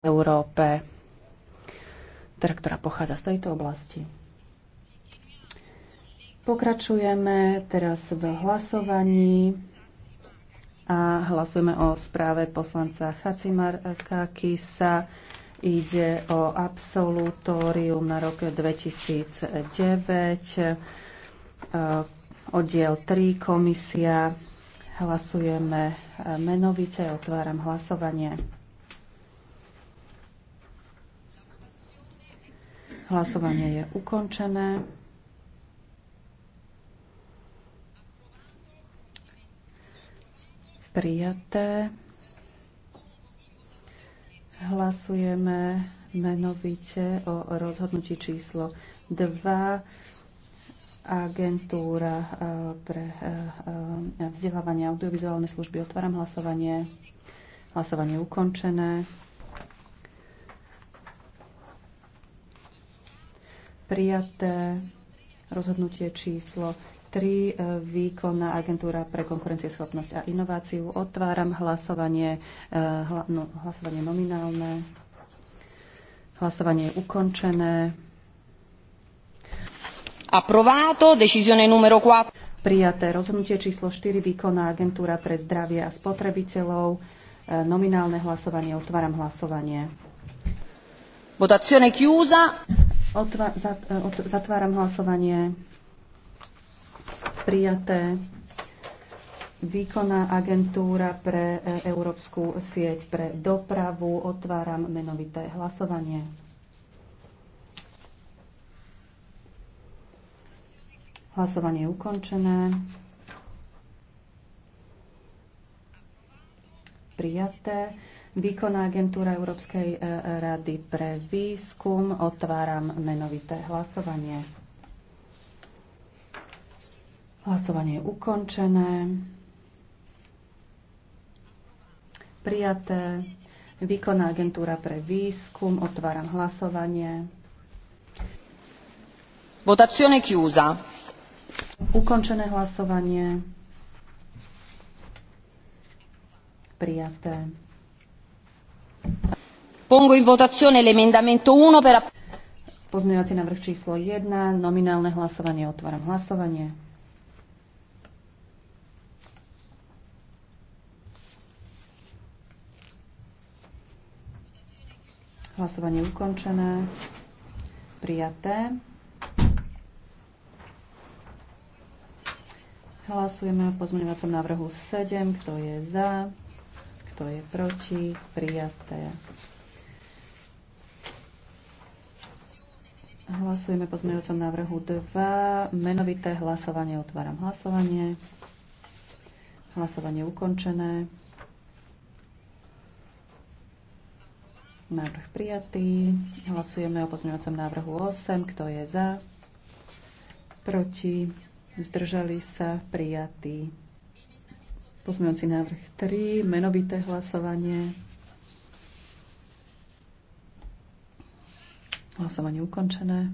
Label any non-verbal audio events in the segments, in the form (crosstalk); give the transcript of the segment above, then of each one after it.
Európe, teda, ktorá pochádza z tejto oblasti. Pokračujeme teraz v hlasovaní a hlasujeme o správe poslanca Chacimar Kakisa. Ide o absolutórium na rok 2009, eh, oddiel 3, komisia. Hlasujeme menovite, otváram hlasovanie. Hlasovanie je ukončené. Prijaté. Hlasujeme menovite o rozhodnutí číslo 2 agentúra eh, pre eh, eh, vzdelávanie audiovizuálnej služby. Otváram hlasovanie. Hlasovanie ukončené. prijaté rozhodnutie číslo 3, e, výkonná agentúra pre konkurencieschopnosť a inováciu. Otváram hlasovanie, e, hla, no, hlasovanie nominálne. Hlasovanie je ukončené. Approvato, decisione numero 4. Prijaté rozhodnutie číslo 4, výkonná agentúra pre zdravie a spotrebiteľov. E, nominálne hlasovanie, otváram hlasovanie. Votazione chiusa. Otva- zat- e, ot- zatváram hlasovanie. Prijaté výkonná agentúra pre e, Európsku sieť pre dopravu. Otváram menovité hlasovanie. Hlasovanie je ukončené. Prijaté. Výkonná agentúra Európskej e, rady pre výskum. Otváram menovité hlasovanie. Hlasovanie je ukončené. Prijaté. Výkonná agentúra pre výskum. Otváram hlasovanie. Votazione chiusa. Ukončené hlasovanie. Prijaté. Pongo in votazione l'emendamento 1 per... Pozmeňovací návrh číslo 1, nominálne hlasovanie, otváram hlasovanie. Hlasovanie ukončené. Prijaté. Hlasujeme o pozmeňovacom návrhu 7. Kto je za? kto je proti, prijaté. Hlasujeme po zmenujúcom návrhu 2. Menovité hlasovanie. Otváram hlasovanie. Hlasovanie ukončené. Návrh prijatý. Hlasujeme o pozmeňovacom návrhu 8. Kto je za? Proti? Zdržali sa? Prijatý. Pozmejúci návrh 3, menovité hlasovanie. Hlasovanie ukončené.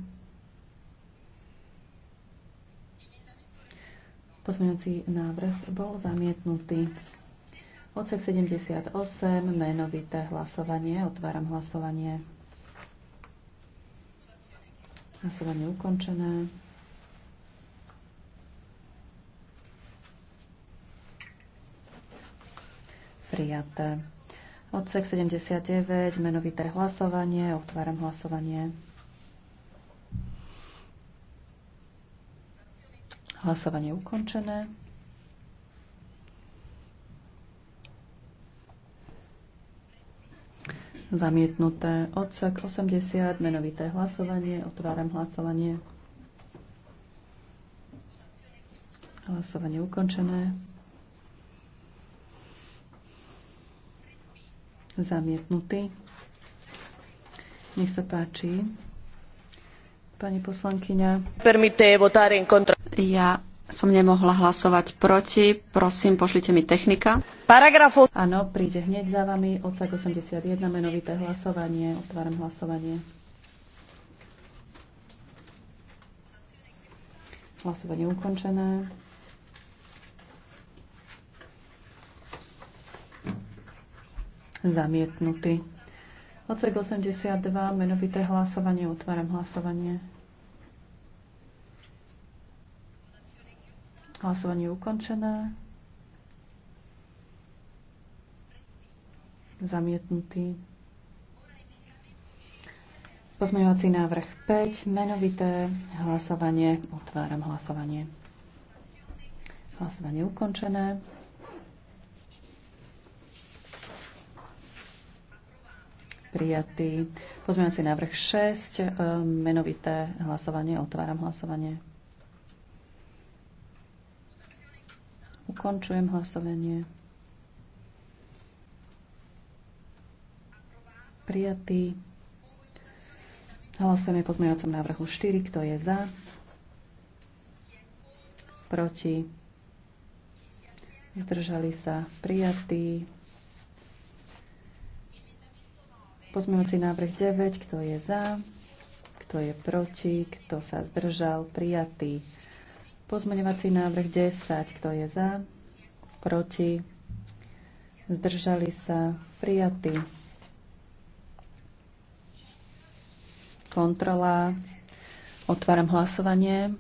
Pozmeňovací návrh bol zamietnutý. Odsek 78, menovité hlasovanie. Otváram hlasovanie. Hlasovanie ukončené. prijaté. Odsek 79, menovité hlasovanie, otváram hlasovanie. Hlasovanie ukončené. Zamietnuté. Odsek 80, menovité hlasovanie, otváram hlasovanie. Hlasovanie ukončené. zamietnutý. Nech sa páči. Pani poslankyňa. Ja som nemohla hlasovať proti. Prosím, pošlite mi technika. Paragrafu. Áno, príde hneď za vami. Odsak 81, menovité hlasovanie. Otváram hlasovanie. Hlasovanie ukončené. Zamietnutý. Odsek 82, menovité hlasovanie, otváram hlasovanie. Hlasovanie ukončené. Zamietnutý. Pozmeňovací návrh 5, menovité hlasovanie. Otváram hlasovanie. Hlasovanie ukončené. prijatý. Pozmeňujem si návrh 6, e, menovité hlasovanie, otváram hlasovanie. Ukončujem hlasovanie. Prijatý. Hlasujeme pozmeňovacom návrhu 4. Kto je za? Proti? Zdržali sa? Prijatý. Pozmejúci návrh 9, kto je za, kto je proti, kto sa zdržal, prijatý. Pozmeňovací návrh 10, kto je za, proti, zdržali sa, prijatý. Kontrola. Otváram hlasovanie.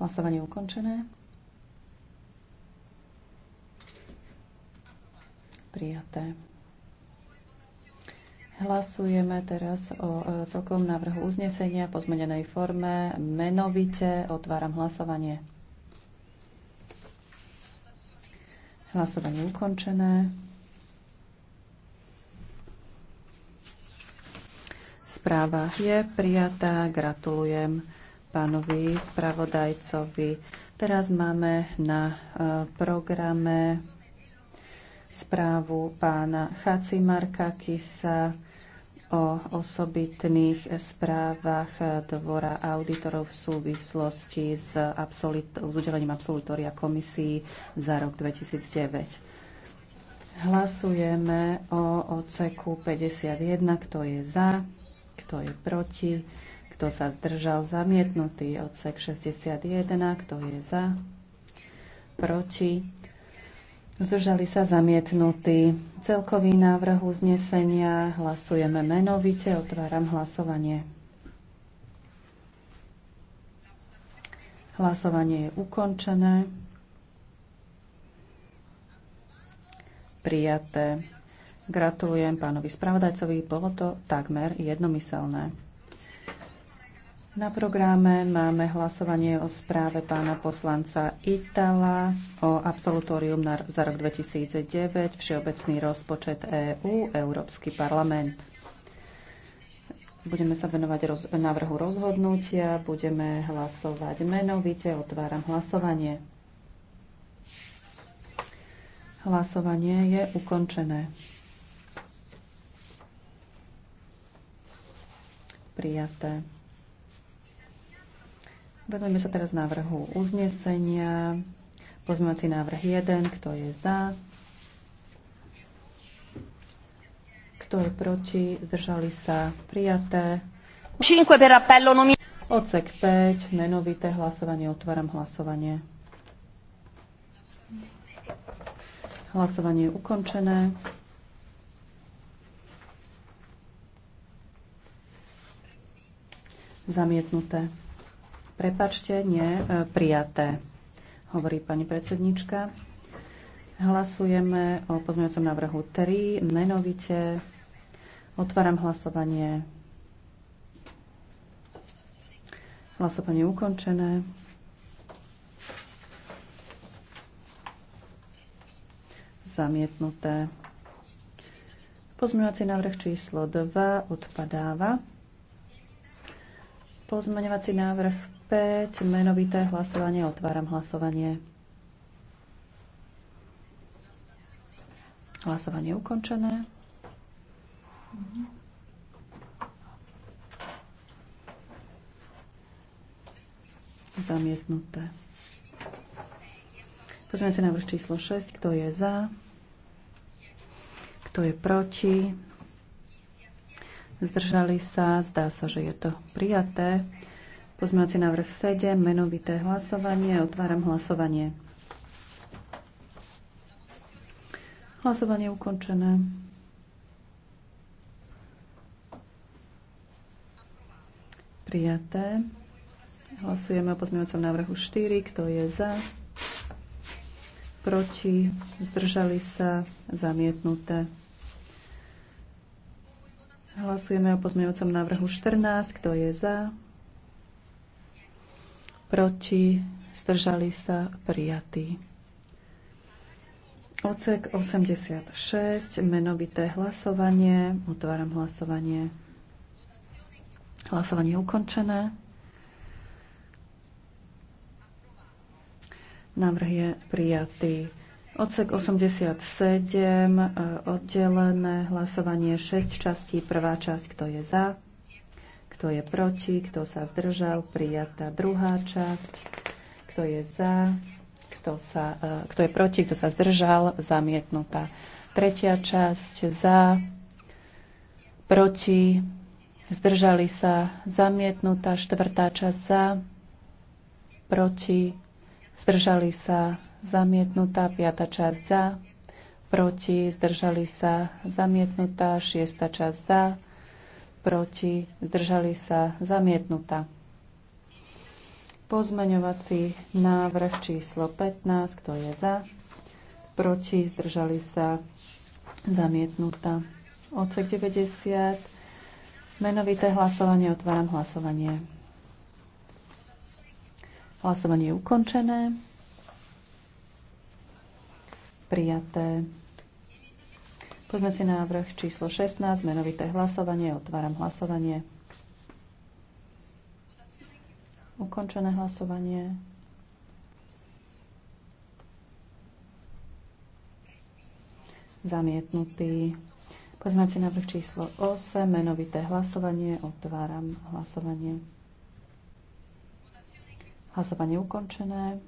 Hlasovanie ukončené. Prijaté. Hlasujeme teraz o e, celkovom návrhu uznesenia po zmenenej forme. Menovite otváram hlasovanie. Hlasovanie ukončené. Správa je prijatá. Gratulujem pánovi spravodajcovi. Teraz máme na e, programe správu pána Marka Kisa o osobitných správach dvora auditorov v súvislosti s, absolut- s udelením absolutória komisii za rok 2009. Hlasujeme o oceku 51, kto je za, kto je proti, kto sa zdržal, zamietnutý odsek 61, kto je za, proti, Zdržali sa zamietnutí. Celkový návrh uznesenia hlasujeme menovite. Otváram hlasovanie. Hlasovanie je ukončené. Prijaté. Gratulujem pánovi spravodajcovi. Bolo to takmer jednomyselné. Na programe máme hlasovanie o správe pána poslanca Itala o absolutórium na, za rok 2009, Všeobecný rozpočet EÚ, EU, Európsky parlament. Budeme sa venovať roz, návrhu rozhodnutia, budeme hlasovať menovite, otváram hlasovanie. Hlasovanie je ukončené. Prijaté. Venujeme sa teraz návrhu uznesenia. Pozmeňovací návrh 1. Kto je za? Kto je proti? Zdržali sa? Prijaté. 5 per appello Odsek 5. Menovité hlasovanie. Otváram hlasovanie. Hlasovanie je ukončené. Zamietnuté. Prepačte, nie, e, prijaté, hovorí pani predsednička. Hlasujeme o pozmeňujúcom návrhu 3, menovite. Otváram hlasovanie. Hlasovanie ukončené. Zamietnuté. Pozmeňovací návrh číslo 2 odpadáva. Pozmeňovací návrh 5, menovité hlasovanie. Otváram hlasovanie. Hlasovanie ukončené. Zamietnuté. Pozrieme si návrh číslo 6. Kto je za? Kto je proti? Zdržali sa? Zdá sa, že je to prijaté. Pozmeňovací návrh 7, menovité hlasovanie. Otváram hlasovanie. Hlasovanie ukončené. Prijaté. Hlasujeme o pozmeňovacom návrhu 4. Kto je za? Proti? Zdržali sa? Zamietnuté. Hlasujeme o pozmeňovacom návrhu 14. Kto je za? proti, zdržali sa prijatí. Ocek 86, menovité hlasovanie, otváram hlasovanie. Hlasovanie ukončené. Návrh je prijatý. Odsek 87, eh, oddelené hlasovanie 6 častí, prvá časť, kto je za, kto je proti? Kto sa zdržal? Prijatá druhá časť. Kto je za? Kto, sa, e, kto je proti? Kto sa zdržal? Zamietnutá. Tretia časť. Za? Proti? Zdržali sa? Zamietnutá. Štvrtá časť. Za? Proti? Zdržali sa? Zamietnutá. Piatá časť. Za? Proti? Zdržali sa? Zamietnutá. Šiesta časť. Za? proti, zdržali sa, zamietnutá. Pozmeňovací návrh číslo 15, kto je za, proti, zdržali sa, zamietnutá. Odsek 90, menovité hlasovanie, otváram hlasovanie. Hlasovanie je ukončené. Prijaté. Poďme si návrh číslo 16, menovité hlasovanie. Otváram hlasovanie. Ukončené hlasovanie. Zamietnutý. si návrh číslo 8, menovité hlasovanie. Otváram hlasovanie. Hlasovanie ukončené.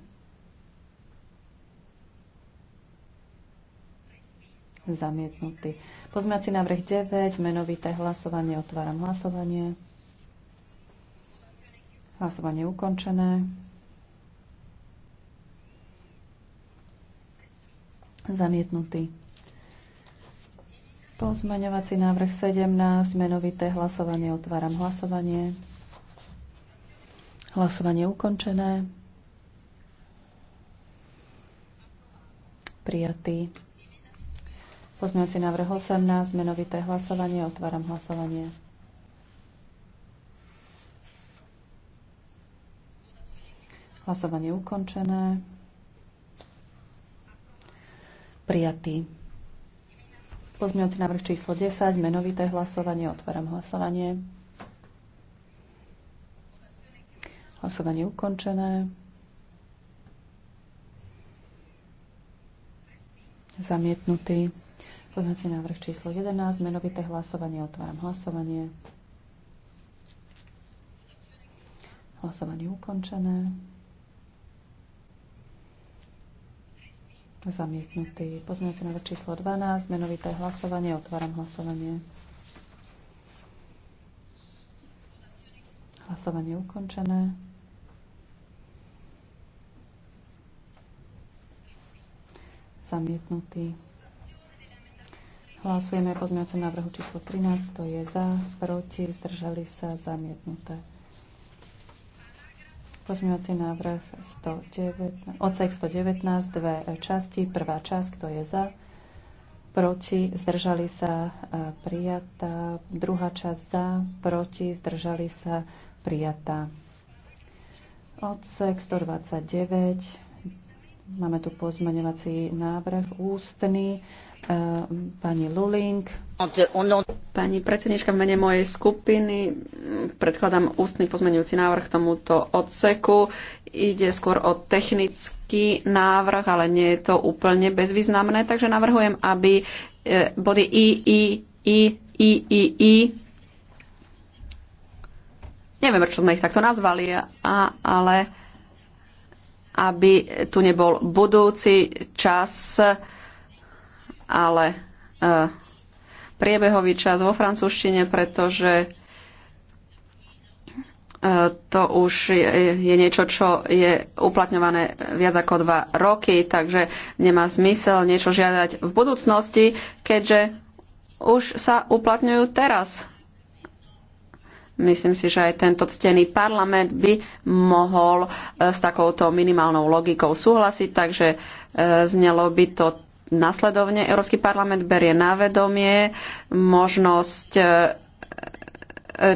zamietnutý. Pozmiaci návrh 9, menovité hlasovanie, otváram hlasovanie. Hlasovanie ukončené. Zamietnutý. Pozmeňovací návrh 17, menovité hlasovanie, otváram hlasovanie. Hlasovanie ukončené. Prijatý. Pozmeňujúci návrh 18, menovité hlasovanie, otváram hlasovanie. Hlasovanie ukončené. Prijatý. Pozmeňujúci návrh číslo 10, menovité hlasovanie, otváram hlasovanie. Hlasovanie ukončené. Zamietnutý si návrh číslo 11, menovité hlasovanie. Otváram hlasovanie. Hlasovanie ukončené. Zamietnutý. Pozmeňujúci návrh číslo 12, menovité hlasovanie. Otváram hlasovanie. Hlasovanie ukončené. Zamietnutý. Hlasujeme o návrhu číslo 13. Kto je za? Proti? Zdržali sa? Zamietnuté. Pozmeňovací návrh 109, odsek 119, dve e, časti. Prvá časť, kto je za? Proti? Zdržali sa? E, prijatá. Druhá časť za? Proti? Zdržali sa? Prijatá. Odsek 129. Máme tu pozmeňovací návrh ústny Eh, pani Luling. Pani predsednička, v mene mojej skupiny mm, predkladám ústny pozmenujúci návrh k tomuto odseku. Ide skôr o technický návrh, ale nie je to úplne bezvýznamné, takže navrhujem, aby eh, body I, I, I, I, I, I neviem, prečo sme ich takto nazvali, a, ale aby tu nebol budúci čas ale e, priebehový čas vo francúzštine, pretože e, to už je niečo, čo je uplatňované viac ako dva roky, takže nemá zmysel niečo žiadať v budúcnosti, keďže už sa uplatňujú teraz. Myslím si, že aj tento ctený parlament by mohol e, s takouto minimálnou logikou súhlasiť, takže znelo by to Nasledovne Európsky parlament berie na vedomie možnosť e,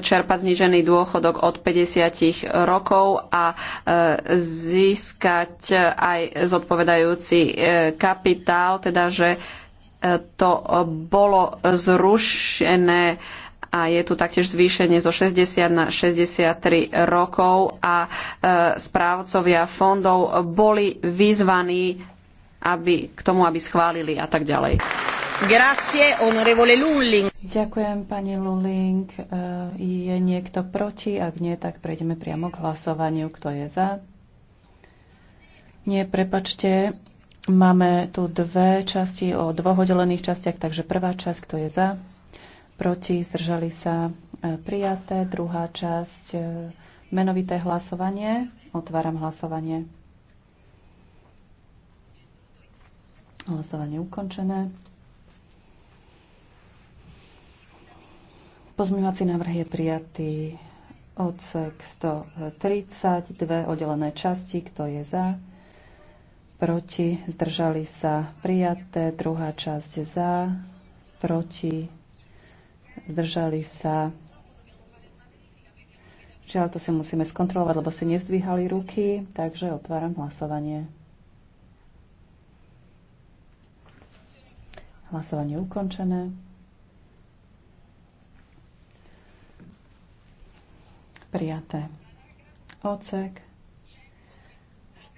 čerpať znižený dôchodok od 50 rokov a e, získať aj zodpovedajúci e, kapitál, teda že to bolo zrušené a je tu taktiež zvýšenie zo 60 na 63 rokov a správcovia fondov boli vyzvaní aby, k tomu, aby schválili a tak ďalej. Grazie, onorevole Lulling. Ďakujem, pani Luling. E, je niekto proti? Ak nie, tak prejdeme priamo k hlasovaniu. Kto je za? Nie, prepačte. Máme tu dve časti o dvoch oddelených častiach, takže prvá časť, kto je za? Proti, zdržali sa e, prijaté. Druhá časť, e, menovité hlasovanie. Otváram hlasovanie. Hlasovanie ukončené. Pozmývací návrh je prijatý odsek 132, oddelené časti, kto je za, proti, zdržali sa prijaté, druhá časť za, proti, zdržali sa. Žiaľ, to si musíme skontrolovať, lebo si nezdvíhali ruky, takže otváram hlasovanie. Hlasovanie ukončené. Prijaté. Ocek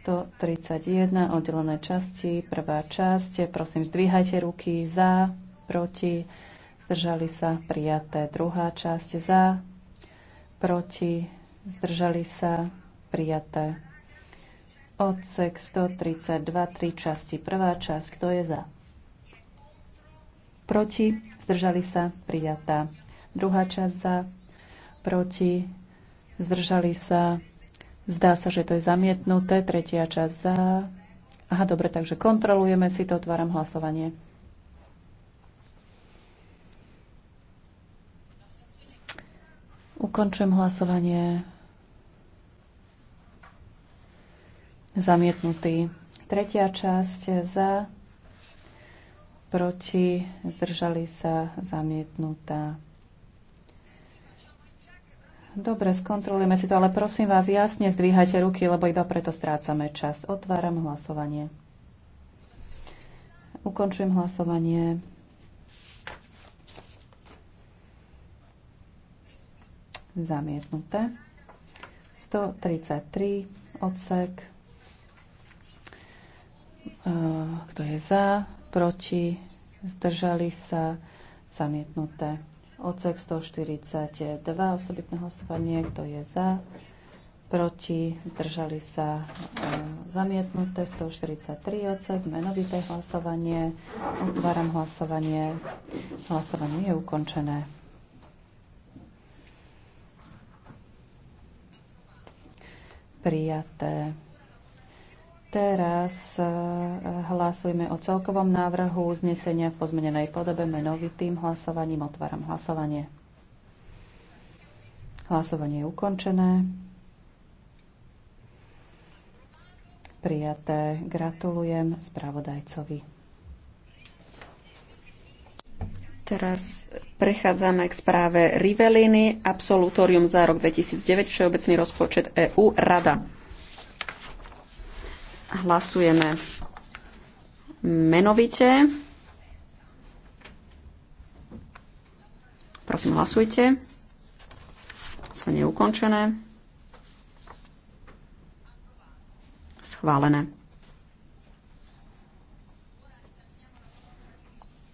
131, oddelené časti, prvá časť. Prosím, zdvíhajte ruky za, proti, zdržali sa, prijaté. Druhá časť za, proti, zdržali sa, prijaté. Odsek 132, tri časti, prvá časť, kto je za? proti, zdržali sa, prijatá. Druhá časť za, proti, zdržali sa, zdá sa, že to je zamietnuté. Tretia časť za. Aha, dobre, takže kontrolujeme si to, otváram hlasovanie. Ukončujem hlasovanie. Zamietnutý. Tretia časť za, proti, zdržali sa, zamietnutá. Dobre, skontrolujeme si to, ale prosím vás, jasne zdvíhajte ruky, lebo iba preto strácame čas. Otváram hlasovanie. Ukončujem hlasovanie. Zamietnuté. 133 odsek. E, kto je za? proti, zdržali sa, zamietnuté. Odsek 142, osobitné hlasovanie, kto je za, proti, zdržali sa, e, zamietnuté. 143 odsek, menovité hlasovanie, otváram hlasovanie, hlasovanie je ukončené. Prijaté. Teraz e, hlasujme o celkovom návrhu uznesenia v pozmenenej podobe menovitým hlasovaním. Otváram hlasovanie. Hlasovanie je ukončené. Prijaté. Gratulujem spravodajcovi. Teraz prechádzame k správe Riveliny, absolutórium za rok 2009, všeobecný rozpočet EÚ, Rada. Hlasujeme menovite. Prosím, hlasujte. Sú neukončené. Schválené.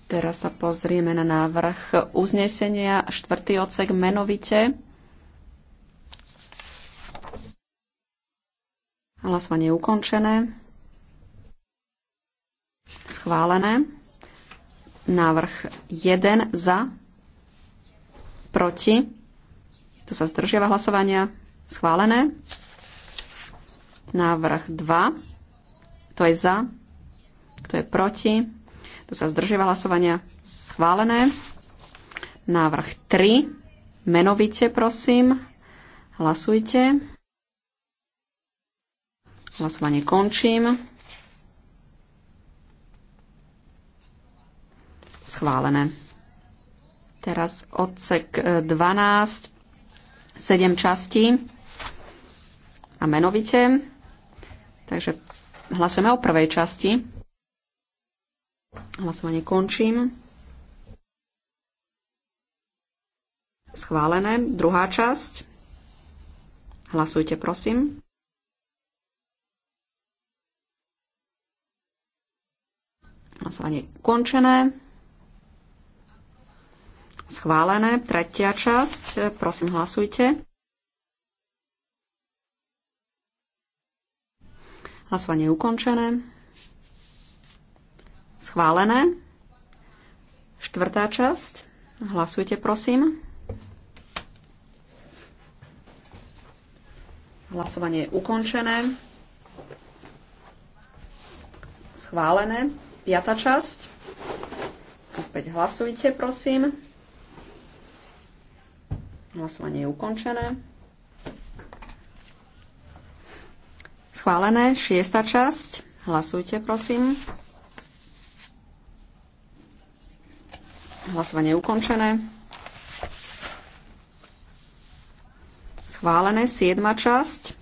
Teraz sa pozrieme na návrh uznesenia, štvrtý odsek menovite. Hlasovanie je ukončené. Schválené. Návrh 1 za. Proti. Tu sa zdržiava hlasovania. Schválené. Návrh 2. To je za. Kto je proti. Tu sa zdržiava hlasovania. Schválené. Návrh 3. Menovite, prosím. Hlasujte. Hlasovanie končím. Schválené. Teraz odsek 12, e, 7 častí a menovite. Takže hlasujeme o prvej časti. Hlasovanie končím. Schválené. Druhá časť. Hlasujte, prosím. Hlasovanie ukončené. Schválené. Tretia časť. Prosím, hlasujte. Hlasovanie ukončené. Schválené. Štvrtá časť. Hlasujte, prosím. Hlasovanie je ukončené. Schválené. Piata časť. Opäť hlasujte, prosím. Hlasovanie je ukončené. Schválené. Šiesta časť. Hlasujte, prosím. Hlasovanie je ukončené. Schválené. Siedma časť.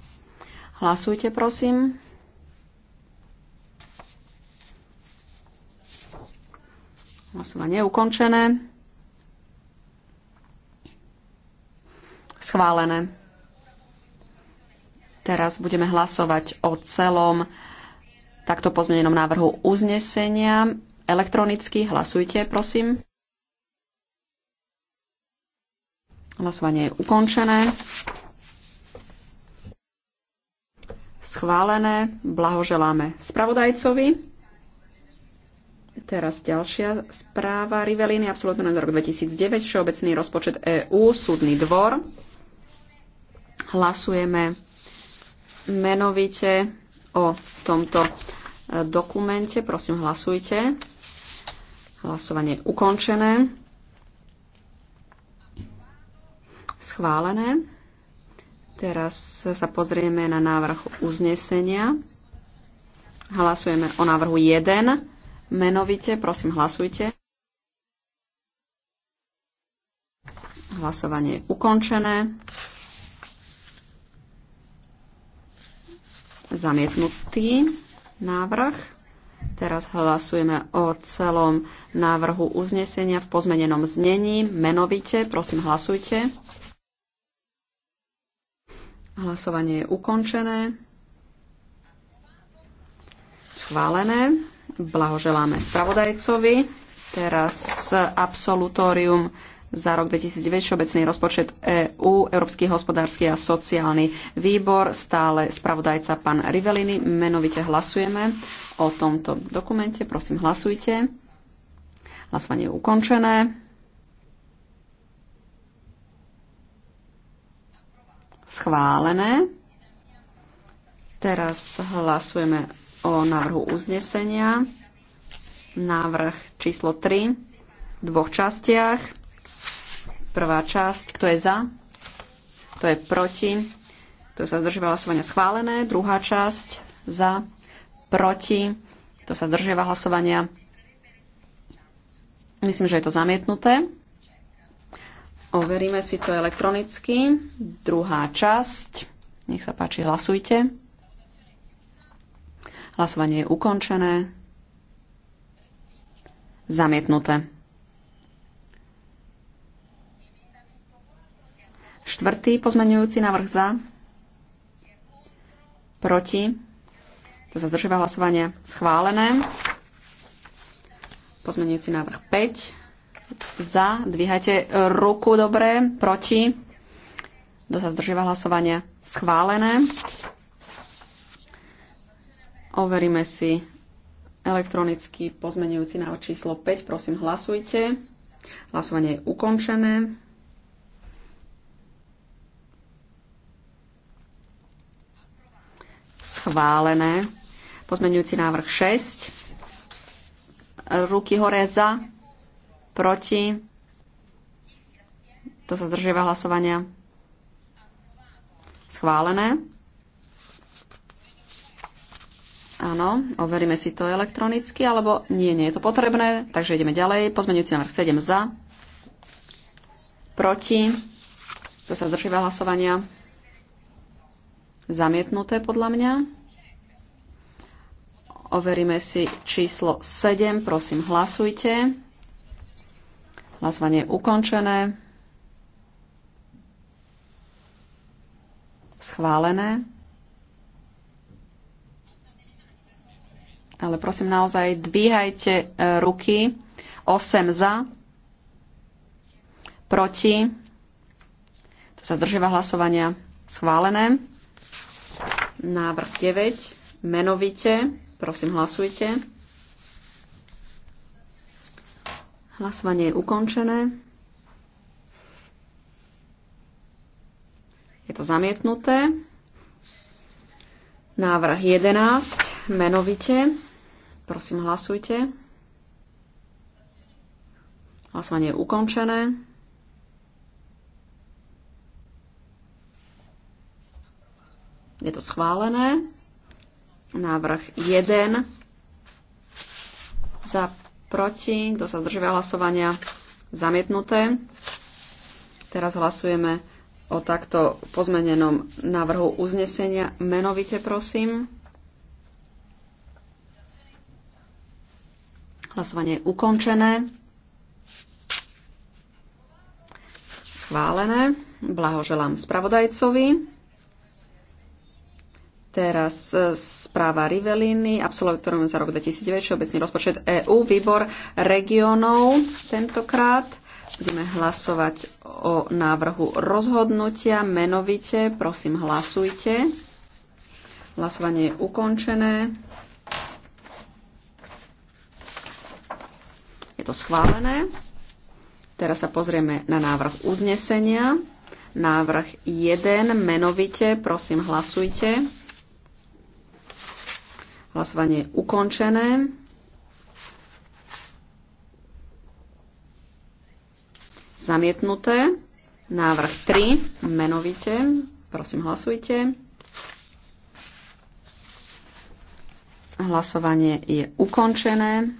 Hlasujte, prosím. Hlasovanie je ukončené. Schválené. Teraz budeme hlasovať o celom takto pozmenenom návrhu uznesenia. Elektronicky hlasujte, prosím. Hlasovanie je ukončené. Schválené. Blahoželáme spravodajcovi. Teraz ďalšia správa Riveliny, absolútne na rok 2009, Všeobecný rozpočet EÚ, Súdny dvor. Hlasujeme menovite o tomto e, dokumente. Prosím, hlasujte. Hlasovanie je ukončené. Schválené. Teraz sa pozrieme na návrh uznesenia. Hlasujeme o návrhu 1 menovite. Prosím, hlasujte. Hlasovanie je ukončené. Zamietnutý návrh. Teraz hlasujeme o celom návrhu uznesenia v pozmenenom znení. Menovite, prosím, hlasujte. Hlasovanie je ukončené. Schválené. Blahoželáme spravodajcovi. Teraz absolutórium za rok 2009 Všeobecný rozpočet EÚ, EU, Európsky hospodársky a sociálny výbor, stále spravodajca pán Rivelini. Menovite hlasujeme o tomto dokumente. Prosím, hlasujte. Hlasovanie je ukončené. Schválené. Teraz hlasujeme o návrhu uznesenia. Návrh číslo 3 v dvoch častiach. Prvá časť, kto je za, kto je proti, kto sa zdržíva hlasovania schválené. Druhá časť, za, proti, kto sa zdržiava hlasovania. Myslím, že je to zamietnuté. Overíme si to elektronicky. Druhá časť. Nech sa páči, hlasujte. Hlasovanie je ukončené. Zamietnuté. Štvrtý pozmenujúci návrh za. Proti. To sa zdržíva hlasovanie. Schválené. Pozmenujúci návrh 5. Za. Dvíhajte ruku dobre. Proti. To sa zdržíva hlasovanie Schválené. Overíme si elektronicky pozmenujúci návrh číslo 5. Prosím, hlasujte. Hlasovanie je ukončené. Schválené. Pozmenujúci návrh 6. Ruky hore za, proti. To sa zdržieva hlasovania. Schválené. Áno, overíme si to elektronicky, alebo nie, nie je to potrebné, takže ideme ďalej. Pozmeňujúci návrh 7 za, proti, to sa zdržíva hlasovania, zamietnuté podľa mňa. Overíme si číslo 7, prosím, hlasujte. Hlasovanie je ukončené. Schválené. ale prosím naozaj dvíhajte e, ruky. 8 za, proti, to sa zdržíva hlasovania schválené. Návrh 9, menovite, prosím hlasujte. Hlasovanie je ukončené. Je to zamietnuté. Návrh 11, menovite. Prosím, hlasujte. Hlasovanie je ukončené. Je to schválené. Návrh 1. Za proti. Kto sa zdržia hlasovania? Zamietnuté. Teraz hlasujeme o takto pozmenenom návrhu uznesenia. Menovite prosím. Hlasovanie je ukončené. Schválené. Blahoželám spravodajcovi. Teraz e, správa Riveliny, absolutorium za rok 2009, obecný rozpočet EÚ, výbor regionov tentokrát. Budeme hlasovať o návrhu rozhodnutia menovite. Prosím, hlasujte. Hlasovanie je ukončené. Je to schválené. Teraz sa pozrieme na návrh uznesenia. Návrh 1 menovite. Prosím, hlasujte. Hlasovanie je ukončené. Zamietnuté. Návrh 3 menovite. Prosím, hlasujte. Hlasovanie je ukončené.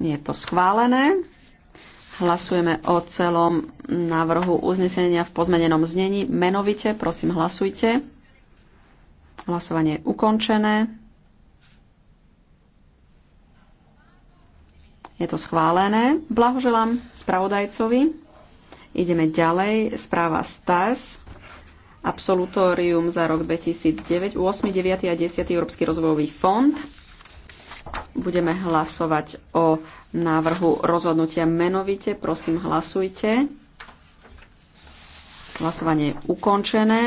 Je to schválené. Hlasujeme o celom návrhu uznesenia v pozmenenom znení. Menovite, prosím, hlasujte. Hlasovanie je ukončené. Je to schválené. Blahoželám spravodajcovi. Ideme ďalej. Správa STAS. Absolutórium za rok 2009, 8., 9. a 10. Európsky rozvojový fond. Budeme hlasovať o návrhu rozhodnutia menovite. Prosím, hlasujte. Hlasovanie je ukončené.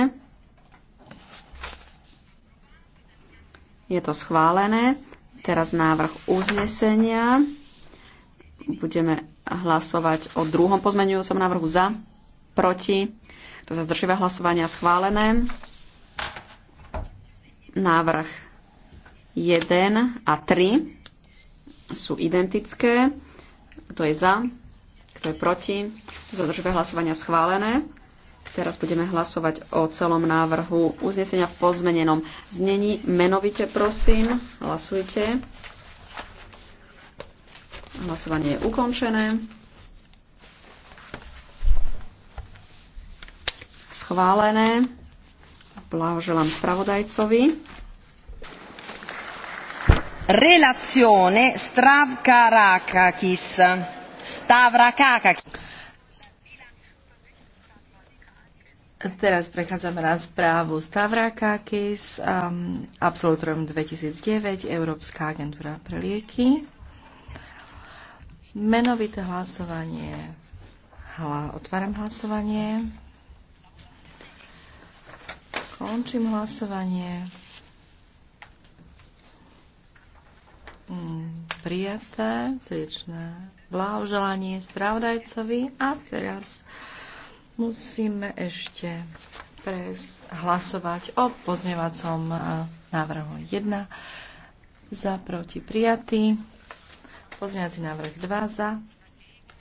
Je to schválené. Teraz návrh uznesenia. Budeme hlasovať o druhom pozmeňujúcom návrhu za, proti. To sa zdržíva hlasovania schválené. Návrh 1 a 3 sú identické. Kto je za? Kto je proti? Zadržuje hlasovania schválené. Teraz budeme hlasovať o celom návrhu uznesenia v pozmenenom znení. Menovite prosím, hlasujte. Hlasovanie je ukončené. Schválené. Blahoželám spravodajcovi relazione Stavrakakis. Stavrakakakis. Teraz prechádzame na správu Stavrakakis, um, absolutorium 2009, Európska agentúra pre lieky. Menovité hlasovanie. Hla, otváram hlasovanie. Končím hlasovanie. prijaté, srdečné blahoželanie spravodajcovi a teraz musíme ešte hlasovať o pozmevacom e, návrhu 1 za proti prijatý, pozmevací návrh 2 za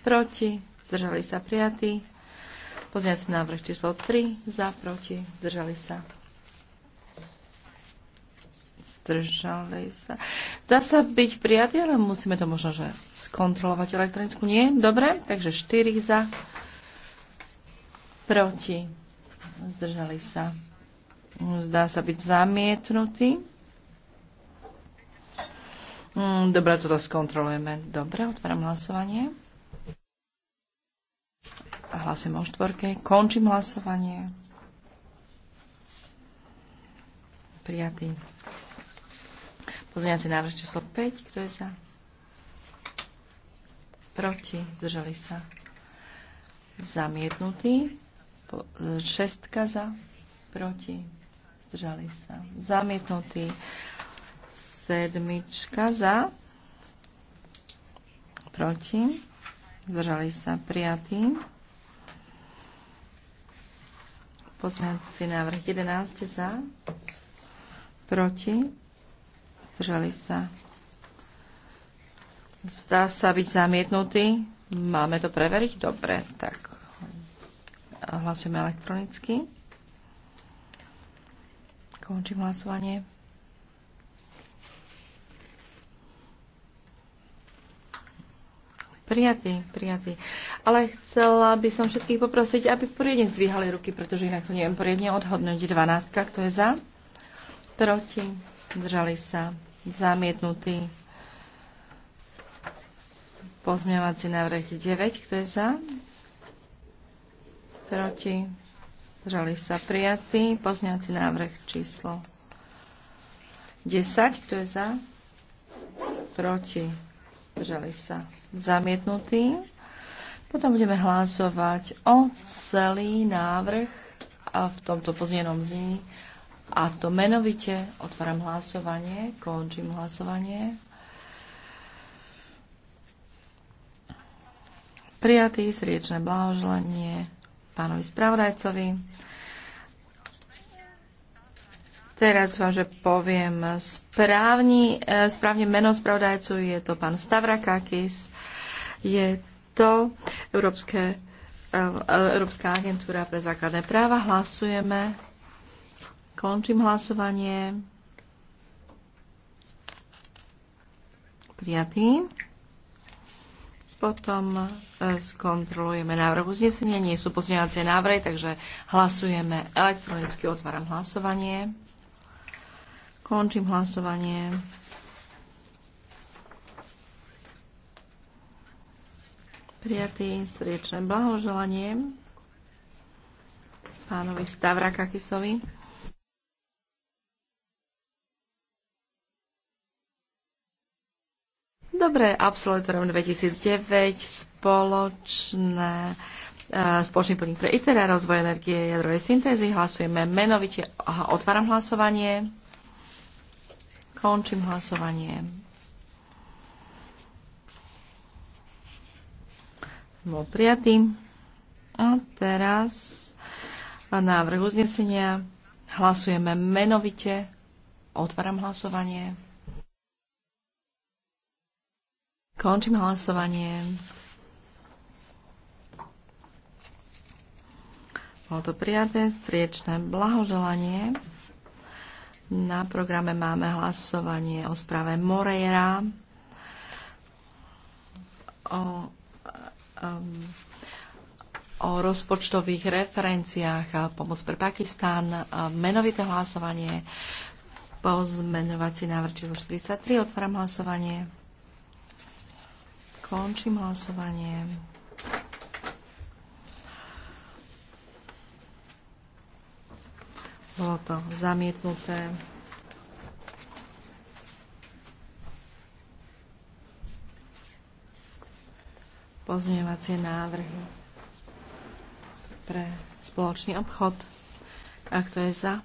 proti, zdržali sa prijatý, pozmevací návrh číslo 3 za proti, zdržali sa zdržali sa. Dá sa byť prijatý, ale musíme to možno, že skontrolovať elektronicky. Nie? Dobre, takže 4 za, proti, zdržali sa. Zdá sa byť zamietnutý. Mm, dobre, toto skontrolujeme. Dobre, otváram hlasovanie. Hlasím o štvorke. Končím hlasovanie. Prijatý. Pozňací návrh číslo 5. Kto je za? Proti. Zdržali sa. Zamietnutý. Po, e, šestka za. Proti. Zdržali sa. Zamietnutý. Sedmička za. Proti. Zdržali sa. Prijatý. Pozmeňací návrh 11 za. Proti Zdržali sa. Zdá sa byť zamietnutý. Máme to preveriť? Dobre, tak hlasujeme elektronicky. Končím hlasovanie. Prijatý, prijatý. Ale chcela by som všetkých poprosiť, aby poriadne zdvíhali ruky, pretože inak to neviem poriadne odhodnúť. 12, kto je za? Proti zdržali sa, zamietnutý. Pozmeňovací návrh 9, kto je za? Proti? Zdržali sa prijatý. Pozmeňovací návrh číslo 10, kto je za? Proti? Zdržali sa zamietnutý. Potom budeme hlasovať o celý návrh a v tomto pozmenom znení a to menovite otváram hlasovanie, končím hlasovanie. Prijatý sriečne blahoželanie pánovi spravodajcovi. Teraz vám, že poviem správne, správne meno spravodajcu, je to pán Stavrakakis, je to Európske, e, Európska agentúra pre základné práva. Hlasujeme. Končím hlasovanie. Prijatý. Potom e, skontrolujeme návrh uznesenia. Nie sú pozmeňovacie návrhy, takže hlasujeme elektronicky. Otváram hlasovanie. Končím hlasovanie. Prijatý striečne blahoželanie pánovi Stavra Kakisovi. Dobre, absolutorium 2009, spoločné, e, spoločný podnik pre ITER a rozvoj energie jadrovej syntézy. Hlasujeme menovite. Aha, otváram hlasovanie. Končím hlasovanie. Bol prijatý. A teraz návrh uznesenia. Hlasujeme menovite. Otváram hlasovanie. Končím hlasovanie. Bolo to prijaté, striečné blahoželanie. Na programe máme hlasovanie o správe Moreira, o, um, o rozpočtových referenciách pomoc pre Pakistán, menovité hlasovanie, pozmenovací návrh číslo 43, otváram hlasovanie. Končím hlasovanie. Bolo to zamietnuté. Pozmievacie návrhy pre spoločný obchod. A kto je za,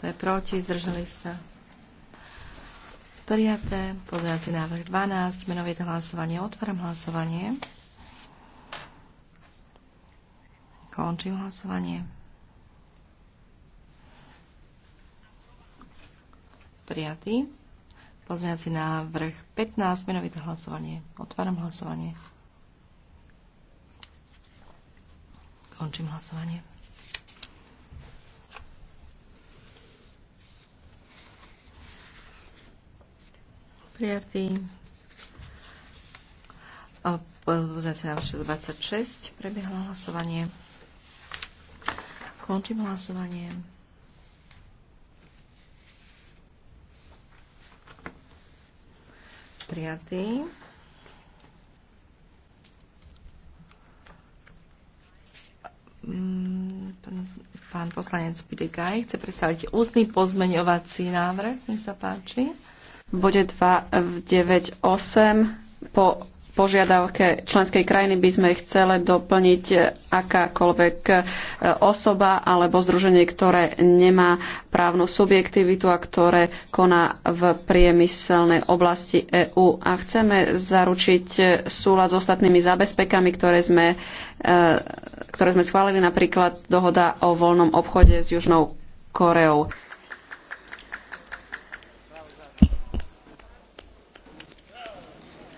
kto je proti, zdržali sa Prijaté. Pozvajací návrh 12. Menovité hlasovanie. Otváram hlasovanie. Končím hlasovanie. Prijatý. Pozvajací návrh 15. Menovité hlasovanie. Otváram hlasovanie. Končím hlasovanie. prijatý. Pozrite 26. Prebiehlo hlasovanie. Končím hlasovanie. Prijatý. Pán poslanec Pidegaj chce predstaviť ústny pozmeňovací návrh. Nech sa páči. V bode 9.8 po požiadavke členskej krajiny by sme chceli doplniť akákoľvek e, osoba alebo združenie, ktoré nemá právnu subjektivitu a ktoré koná v priemyselnej oblasti EÚ. A chceme zaručiť e, súľad s ostatnými zabezpekami, ktoré sme, e, ktoré sme schválili, napríklad dohoda o voľnom obchode s Južnou Koreou.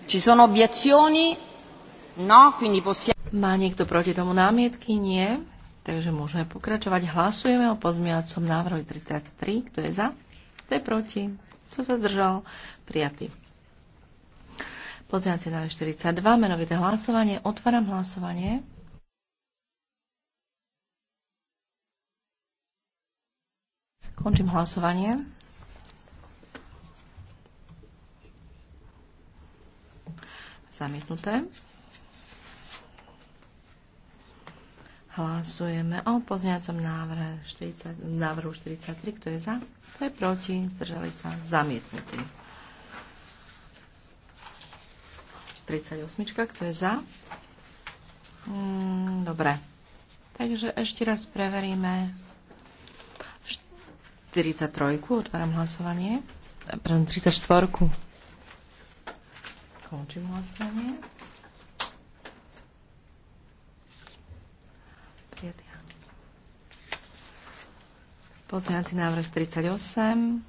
Ci sono obiezioni? No, quindi possiamo... Má niekto proti tomu námietky? Nie. Takže môžeme pokračovať. Hlasujeme o pozmiacom návrhu 33. Kto je za? Kto je proti? Kto sa zdržal? Prijatý. Pozmiaci návrh 42. Menovité hlasovanie. Otváram hlasovanie. Končím hlasovanie. Zamietnuté. Hlasujeme o pozňacom návrhu 40, návrhu 43. Kto je za? Kto je proti? Zdržali sa? Zamietnutý. 38. Kto je za? Mm, dobre. Takže ešte raz preveríme 43. Otváram hlasovanie. Pardon, 34. Končím hlasovanie. Prijatia. Pozriaci návrh 38.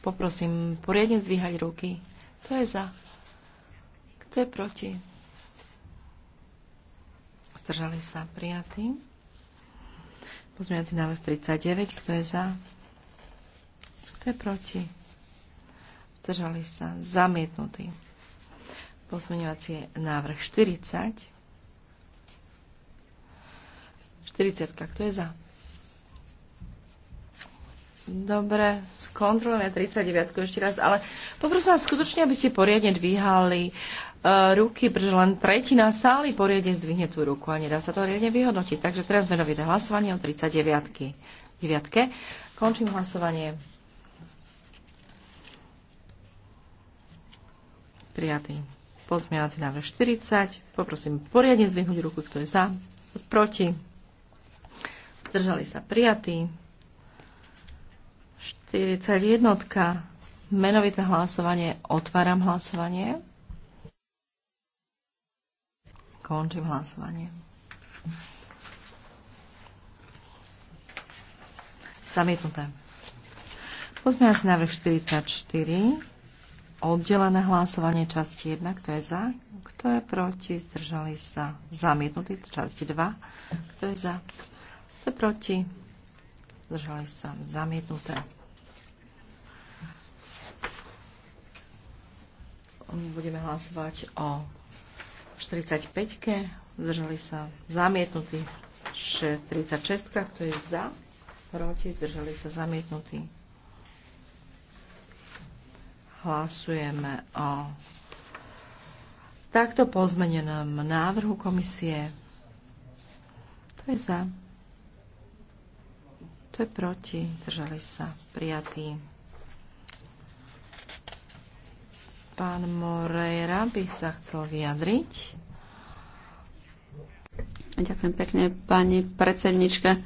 Poprosím poriadne zdvíhať ruky. Kto je za? Kto je proti? Zdržali sa prijatí. Pozmiňací návrh 39. Kto je za? Kto je proti? Zdržali sa. Zamietnutý. Pozmeňovací návrh 40. 40. Kto je za? Dobre, skontrolujeme 39 ešte raz, ale poprosím vás skutočne, aby ste poriadne dvíhali e, ruky, pretože len tretina stály poriadne zdvihne tú ruku a nedá sa to riadne vyhodnotiť. Takže teraz menovité hlasovanie o 39. Končím hlasovanie. Prijatý. Pozmeňovací návrh 40. Poprosím poriadne zvyhnúť ruku, kto je za. Proti. Zdržali sa prijatí. 41. Menovité hlasovanie. Otváram hlasovanie. Končím hlasovanie. Zamietnuté. Pozmeňovací návrh 44 oddelené hlasovanie časti 1, kto je za, kto je proti, zdržali sa zamietnutí, časti 2, kto je za, kto je proti, zdržali sa zamietnuté. Budeme hlasovať o 45-ke, zdržali sa zamietnutí, 36 kto je za, proti, zdržali sa zamietnutí hlasujeme o takto pozmenenom návrhu komisie. To je za. To je proti. držali sa. Prijatý. Pán Moreira by sa chcel vyjadriť. Ďakujem pekne, pani predsednička.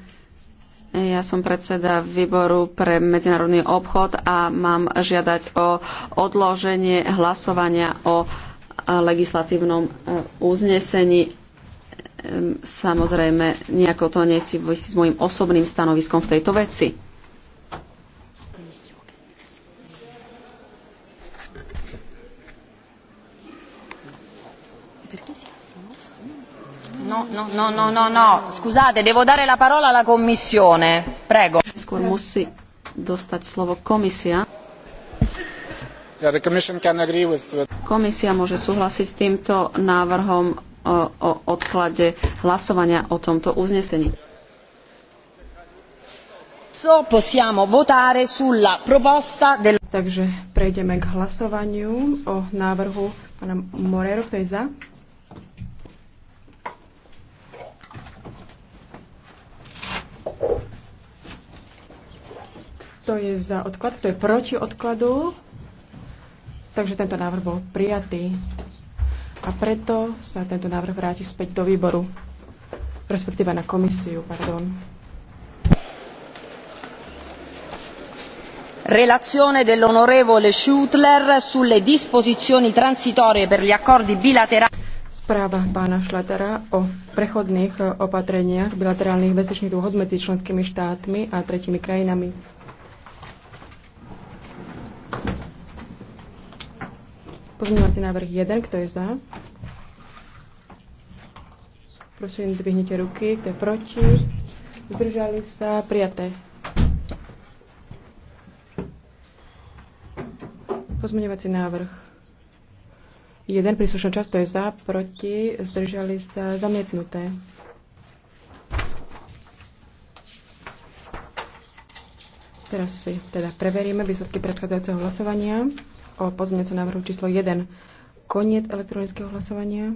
Ja som predseda výboru pre medzinárodný obchod a mám žiadať o odloženie hlasovania o e, legislatívnom e, uznesení. E, samozrejme, nejako to nesí s môjim osobným stanoviskom v tejto veci. No, no, no, no, no, no, scusate, devo dare la parola alla Commissione. Prego. Skôr musí dostať slovo komisia. Yeah, Komisia môže súhlasiť s týmto návrhom o, o odklade hlasovania o tomto uznesení. So possiamo votare sulla proposta del... Takže prejdeme k hlasovaniu o návrhu pána Morero, kto je za? To je za odklad? to je proti odkladu? Takže tento návrh bol prijatý. A preto sa tento návrh vráti späť do výboru, respektíve na komisiu, pardon. Relazione dell'onorevole Schutler sulle disposizioni transitorie per gli accordi bilaterali správa pána Šlatera o prechodných e, opatreniach bilaterálnych bezpečných dôhod medzi členskými štátmi a tretimi krajinami. Pozmývací návrh 1, kto je za? Prosím, dvihnite ruky, kto je proti? Zdržali sa, prijaté. Pozmeňovací návrh Jeden príslušná čas, to je za, proti, zdržali sa zamietnuté. Teraz si teda preveríme výsledky predchádzajúceho hlasovania o pozmeňujúcom návrhu číslo 1. Koniec elektronického hlasovania.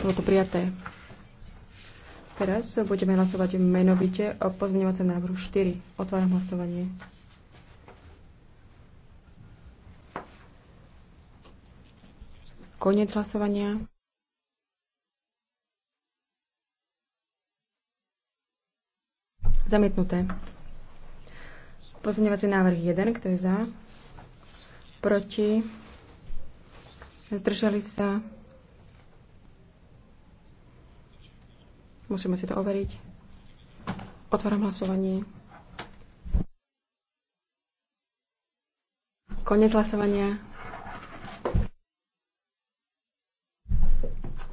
Bolo to prijaté. Teraz budeme hlasovať menovite o pozmeňovacom návrhu 4. Otváram hlasovanie. Koniec hlasovania. Zamietnuté. Pozmeňovací návrh 1, kto je za? Proti? Zdržali sa? Musíme si to overiť. Otváram hlasovanie. Konec hlasovania.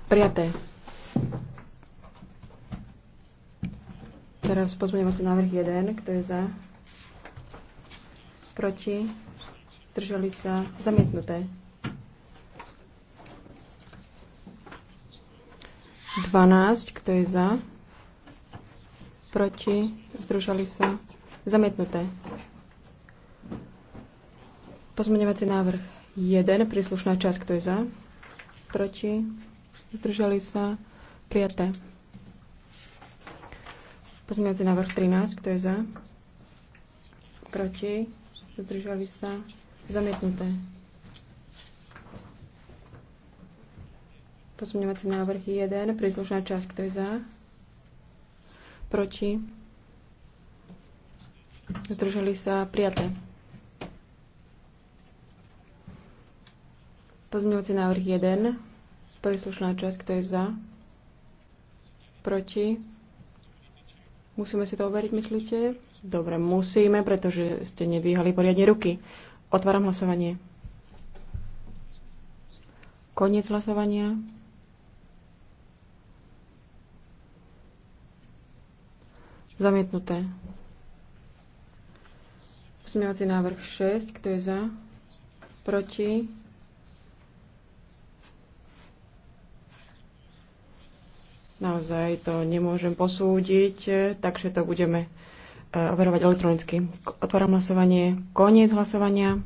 Prijaté. Teraz pozmeňovací návrh 1. Kto je za? Proti? Zdržali sa? Zamietnuté. 12. Kto je za? Proti? Zdržali sa? Zamietnuté. Pozmeňovací návrh 1. Príslušná časť. Kto je za? Proti? Zdržali sa? Prijaté. Pozmeňujúci návrh 13. Kto je za? Proti? Zdržali sa? Zamietnuté. Pozmeňovací návrh 1. Príslušná časť. Kto je za? Proti? Zdržali sa? Prijaté. Pozmeňovací návrh 1 Príslušná časť, kto je za? Proti? Musíme si to overiť, myslíte? Dobre, musíme, pretože ste nedvíhali poriadne ruky. Otváram hlasovanie. Koniec hlasovania. Zamietnuté. Pozmeňovací návrh 6. Kto je za? Proti? Naozaj to nemôžem posúdiť, e, takže to budeme e, overovať elektronicky. Otváram hlasovanie. Koniec hlasovania.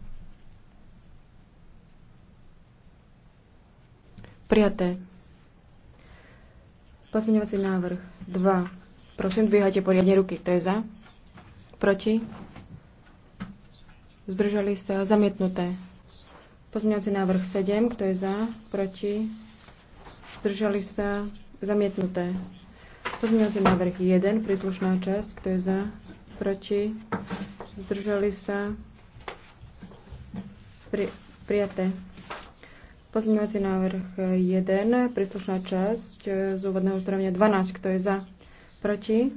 Prijaté. Pozmeňovací návrh 2. Prosím, dvíhajte poriadne ruky. Kto je za? Proti? Zdržali sa? Zamietnuté. Pozmeňovací návrh 7. Kto je za? Proti? Zdržali sa? Zamietnuté. Pozmeňovací návrh 1, príslušná časť, kto je za, proti, zdržali sa, pri, prijaté. Pozmeňovací návrh 1, príslušná časť e, z úvodného zdravenia 12, kto je za, proti,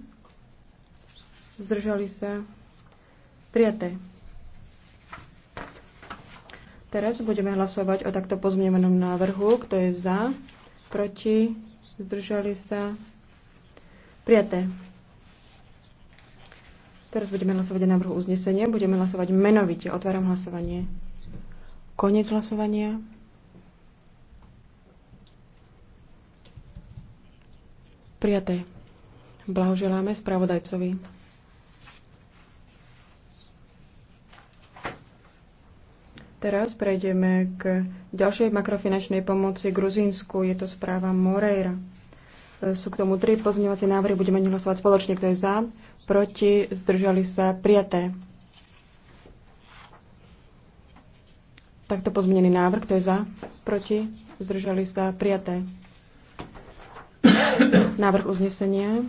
zdržali sa, prijaté. Teraz budeme hlasovať o takto pozmenenom návrhu, kto je za, proti, zdržali sa, prijaté. Teraz budeme hlasovať o návrhu uznesenia. Budeme hlasovať menovite. Otváram hlasovanie. Konec hlasovania. Prijaté. Blahoželáme spravodajcovi. Teraz prejdeme k ďalšej makrofinančnej pomoci Gruzínsku. Je to správa Moreira. E, sú k tomu tri pozmeňovacie návrhy. Budeme hlasovať spoločne. Kto je za? Proti? Zdržali sa? Prijaté. Takto pozmenený návrh, kto je za? Proti? Zdržali sa? Prijaté. (coughs) Návrh uznesenia.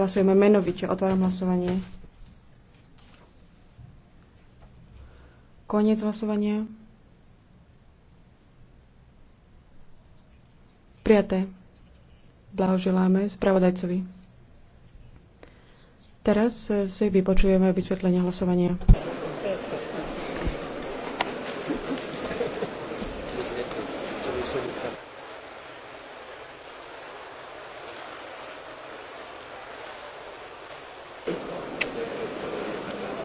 Hlasujeme menovite. Otváram hlasovanie. Koniec hlasovania. Prijaté. Blahoželáme spravodajcovi. Teraz si vypočujeme vysvetlenie hlasovania.